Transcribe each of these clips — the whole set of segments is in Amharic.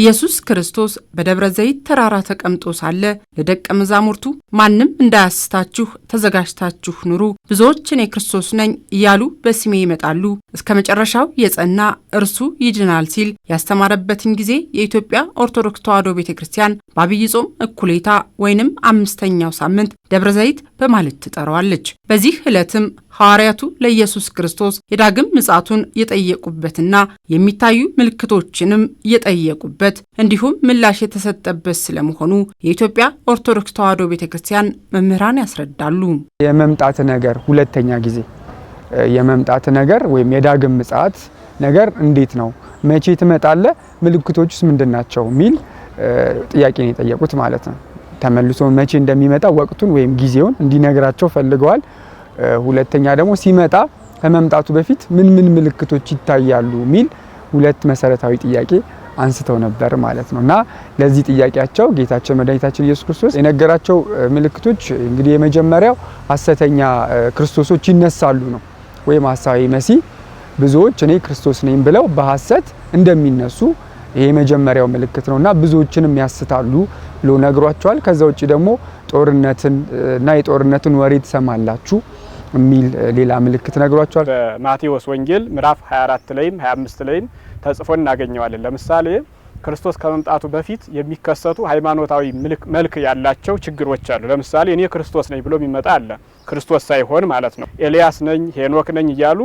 ኢየሱስ ክርስቶስ በደብረ ዘይት ተራራ ተቀምጦ ሳለ ለደቀ መዛሙርቱ ማንም እንዳያስታችሁ ተዘጋጅታችሁ ኑሩ፣ ብዙዎች እኔ ክርስቶስ ነኝ እያሉ በስሜ ይመጣሉ፣ እስከ መጨረሻው የጸና እርሱ ይድናል ሲል ያስተማረበትን ጊዜ የኢትዮጵያ ኦርቶዶክስ ተዋሕዶ ቤተ ክርስቲያን በአብይ ጾም እኩሌታ ወይንም አምስተኛው ሳምንት ደብረ ዘይት በማለት ትጠራዋለች። በዚህ ዕለትም ሐዋርያቱ ለኢየሱስ ክርስቶስ የዳግም ምጻቱን የጠየቁበትና የሚታዩ ምልክቶችንም የጠየቁበት እንዲሁም ምላሽ የተሰጠበት ስለመሆኑ የኢትዮጵያ ኦርቶዶክስ ተዋሕዶ ቤተ ክርስቲያን መምህራን ያስረዳሉ። የመምጣት ነገር ሁለተኛ ጊዜ የመምጣት ነገር ወይም የዳግም ምጻት ነገር እንዴት ነው? መቼ ትመጣለ? ምልክቶቹስ ምንድን ናቸው? የሚል ጥያቄ ነው የጠየቁት ማለት ነው። ተመልሶ መቼ እንደሚመጣ ወቅቱን ወይም ጊዜውን እንዲነግራቸው ፈልገዋል። ሁለተኛ ደግሞ ሲመጣ ከመምጣቱ በፊት ምን ምን ምልክቶች ይታያሉ የሚል ሁለት መሰረታዊ ጥያቄ አንስተው ነበር ማለት ነው። እና ለዚህ ጥያቄያቸው ጌታችን መድኃኒታችን ኢየሱስ ክርስቶስ የነገራቸው ምልክቶች እንግዲህ የመጀመሪያው ሐሰተኛ ክርስቶሶች ይነሳሉ ነው፣ ወይም ሐሳዊ መሲህ ብዙዎች እኔ ክርስቶስ ነኝ ብለው በሐሰት እንደሚነሱ ይሄ የመጀመሪያው ምልክት ነው እና ብዙዎችንም ያስታሉ ብሎ ነግሯቸዋል። ከዛ ውጭ ደግሞ ጦርነትን እና የጦርነትን ወሬ ትሰማላችሁ የሚል ሌላ ምልክት ነግሯቸዋል። በማቴዎስ ወንጌል ምዕራፍ 24 ላይም 25 ላይም ተጽፎ እናገኘዋለን። ለምሳሌ ክርስቶስ ከመምጣቱ በፊት የሚከሰቱ ሃይማኖታዊ መልክ ያላቸው ችግሮች አሉ። ለምሳሌ እኔ ክርስቶስ ነኝ ብሎ የሚመጣ አለ። ክርስቶስ ሳይሆን ማለት ነው። ኤልያስ ነኝ፣ ሄኖክ ነኝ እያሉ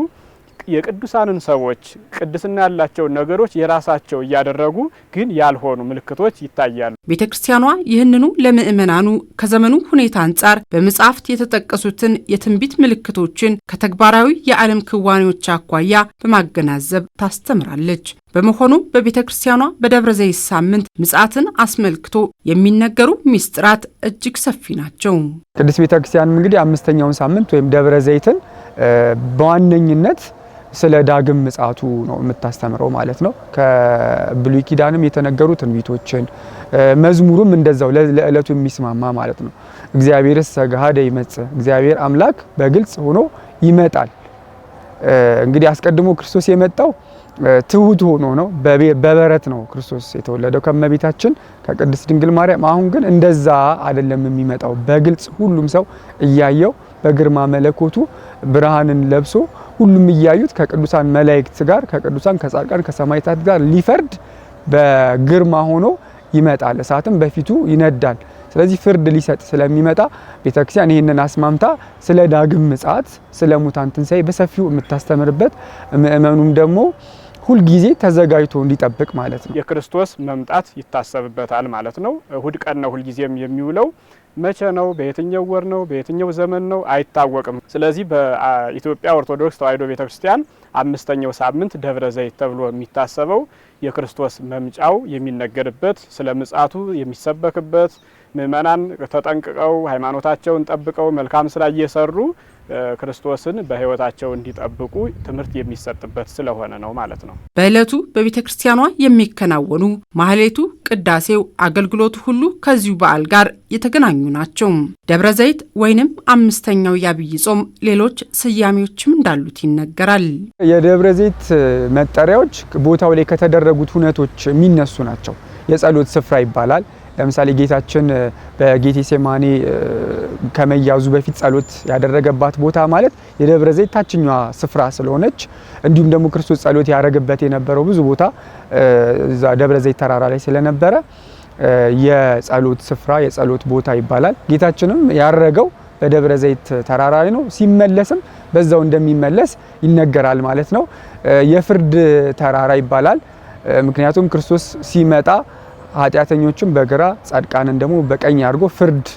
የቅዱሳንን ሰዎች ቅድስና ያላቸውን ነገሮች የራሳቸው እያደረጉ ግን ያልሆኑ ምልክቶች ይታያሉ። ቤተ ክርስቲያኗ ይህንኑ ለምእመናኑ ከዘመኑ ሁኔታ አንጻር በመጽሐፍት የተጠቀሱትን የትንቢት ምልክቶችን ከተግባራዊ የዓለም ክዋኔዎች አኳያ በማገናዘብ ታስተምራለች። በመሆኑ በቤተ ክርስቲያኗ በደብረ ዘይት ሳምንት ምጽአትን አስመልክቶ የሚነገሩ ሚስጥራት እጅግ ሰፊ ናቸው። ቅድስት ቤተ ክርስቲያንም እንግዲህ አምስተኛውን ሳምንት ወይም ደብረ ዘይትን በዋነኝነት ስለ ዳግም ምጽአቱ ነው የምታስተምረው ማለት ነው። ከብሉይ ኪዳንም የተነገሩ ትንቢቶችን መዝሙሩም እንደዛው ለእለቱ የሚስማማ ማለት ነው። እግዚአብሔር ሰገሃደ ይመጽእ፣ እግዚአብሔር አምላክ በግልጽ ሆኖ ይመጣል። እንግዲህ አስቀድሞ ክርስቶስ የመጣው ትሁት ሆኖ ነው። በበረት ነው ክርስቶስ የተወለደው ከመቤታችን ከቅድስት ድንግል ማርያም። አሁን ግን እንደዛ አይደለም የሚመጣው፣ በግልጽ ሁሉም ሰው እያየው በግርማ መለኮቱ ብርሃንን ለብሶ ሁሉም እያዩት ከቅዱሳን መላእክት ጋር ከቅዱሳን ከጻድቃን ከሰማዕታት ጋር ሊፈርድ በግርማ ሆኖ ይመጣል። እሳትም በፊቱ ይነዳል። ስለዚህ ፍርድ ሊሰጥ ስለሚመጣ ቤተክርስቲያን ይህንን አስማምታ ስለ ዳግም ምጽአት፣ ስለ ሙታን ትንሣኤ በሰፊው የምታስተምርበት ምእመኑም ደግሞ ሁልጊዜ ተዘጋጅቶ እንዲጠብቅ ማለት ነው። የክርስቶስ መምጣት ይታሰብበታል ማለት ነው። እሁድ ቀን ነው ሁልጊዜም የሚውለው። መቼ ነው? በየትኛው ወር ነው? በየትኛው ዘመን ነው? አይታወቅም። ስለዚህ በኢትዮጵያ ኦርቶዶክስ ተዋሕዶ ቤተክርስቲያን አምስተኛው ሳምንት ደብረ ዘይት ተብሎ የሚታሰበው የክርስቶስ መምጫው የሚነገርበት ስለ ምጻቱ የሚሰበክበት ምእመናን ተጠንቅቀው ሃይማኖታቸውን ጠብቀው መልካም ስራ እየሰሩ ክርስቶስን በህይወታቸው እንዲጠብቁ ትምህርት የሚሰጥበት ስለሆነ ነው ማለት ነው። በዕለቱ በቤተ ክርስቲያኗ የሚከናወኑ ማህሌቱ፣ ቅዳሴው፣ አገልግሎቱ ሁሉ ከዚሁ በዓል ጋር የተገናኙ ናቸው። ደብረ ዘይት ወይንም አምስተኛው የአብይ ጾም ሌሎች ስያሜዎችም እንዳሉት ይነገራል። የደብረ ዘይት መጠሪያዎች ቦታው ላይ ከተደረጉ የሚደረጉት ሁነቶች የሚነሱ ናቸው። የጸሎት ስፍራ ይባላል። ለምሳሌ ጌታችን በጌቴሴማኒ ከመያዙ በፊት ጸሎት ያደረገባት ቦታ ማለት የደብረ ዘይት ታችኛዋ ስፍራ ስለሆነች፣ እንዲሁም ደግሞ ክርስቶስ ጸሎት ያደረገበት የነበረው ብዙ ቦታ እዛ ደብረ ዘይት ተራራ ላይ ስለነበረ የጸሎት ስፍራ የጸሎት ቦታ ይባላል። ጌታችንም ያረገው በደብረ ዘይት ተራራ ላይ ነው። ሲመለስም በዛው እንደሚመለስ ይነገራል ማለት ነው። የፍርድ ተራራ ይባላል። ምክንያቱም ክርስቶስ ሲመጣ ኃጢአተኞችን በግራ ጻድቃንን ደግሞ በቀኝ አድርጎ ፍርድ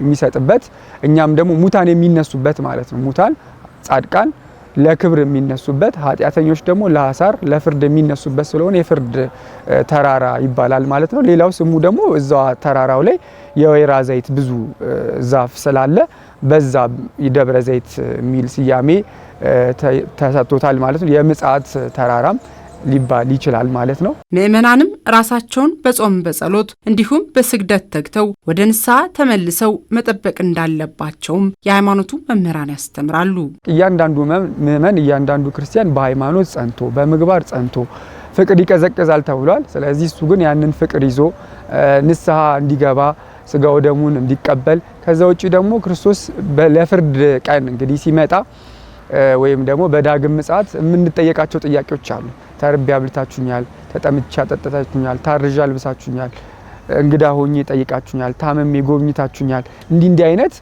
የሚሰጥበት እኛም ደግሞ ሙታን የሚነሱበት ማለት ነው። ሙታን ጻድቃን ለክብር የሚነሱበት ኃጢአተኞች ደግሞ ለአሳር ለፍርድ የሚነሱበት ስለሆነ የፍርድ ተራራ ይባላል ማለት ነው። ሌላው ስሙ ደግሞ እዛ ተራራው ላይ የወይራ ዘይት ብዙ ዛፍ ስላለ በዛ ደብረ ዘይት የሚል ስያሜ ተሰጥቶታል ማለት ነው። የምጽአት ተራራም ሊባል ይችላል ማለት ነው። ምዕመናንም ራሳቸውን በጾም በጸሎት እንዲሁም በስግደት ተግተው ወደ ንስሐ ተመልሰው መጠበቅ እንዳለባቸውም የሃይማኖቱ መምህራን ያስተምራሉ። እያንዳንዱ ምዕመን እያንዳንዱ ክርስቲያን በሃይማኖት ጸንቶ በምግባር ጸንቶ ፍቅር ይቀዘቅዛል ተብሏል። ስለዚህ እሱ ግን ያንን ፍቅር ይዞ ንስሐ እንዲገባ ስጋው ደሙን እንዲቀበል ከዛ ውጭ ደግሞ ክርስቶስ ለፍርድ ቀን እንግዲህ ሲመጣ ወይም ደግሞ በዳግም ምጽአት የምንጠየቃቸው ጥያቄዎች አሉ። ተርቤ አብልታችሁኛል፣ ተጠምቻ ጠጥታችሁኛል፣ ታርዣ አልብሳችሁኛል፣ እንግዳ ሆኜ ጠይቃችሁኛል፣ ታመሜ ጎብኝታችሁኛል። እንዲህ እንዲህ አይነት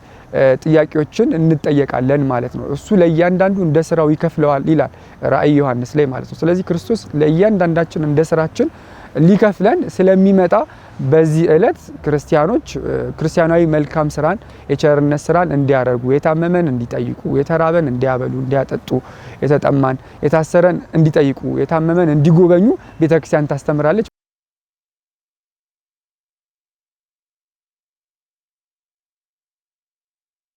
ጥያቄዎችን እንጠየቃለን ማለት ነው። እሱ ለእያንዳንዱ እንደ ስራው ይከፍለዋል ይላል ራእይ ዮሐንስ ላይ ማለት ነው። ስለዚህ ክርስቶስ ለእያንዳንዳችን እንደ ስራችን ሊከፍለን ስለሚመጣ በዚህ እለት ክርስቲያኖች ክርስቲያናዊ መልካም ስራን የቸርነት ስራን እንዲያደርጉ፣ የታመመን እንዲጠይቁ፣ የተራበን እንዲያበሉ፣ እንዲያጠጡ፣ የተጠማን የታሰረን እንዲጠይቁ፣ የታመመን እንዲጎበኙ ቤተክርስቲያን ታስተምራለች።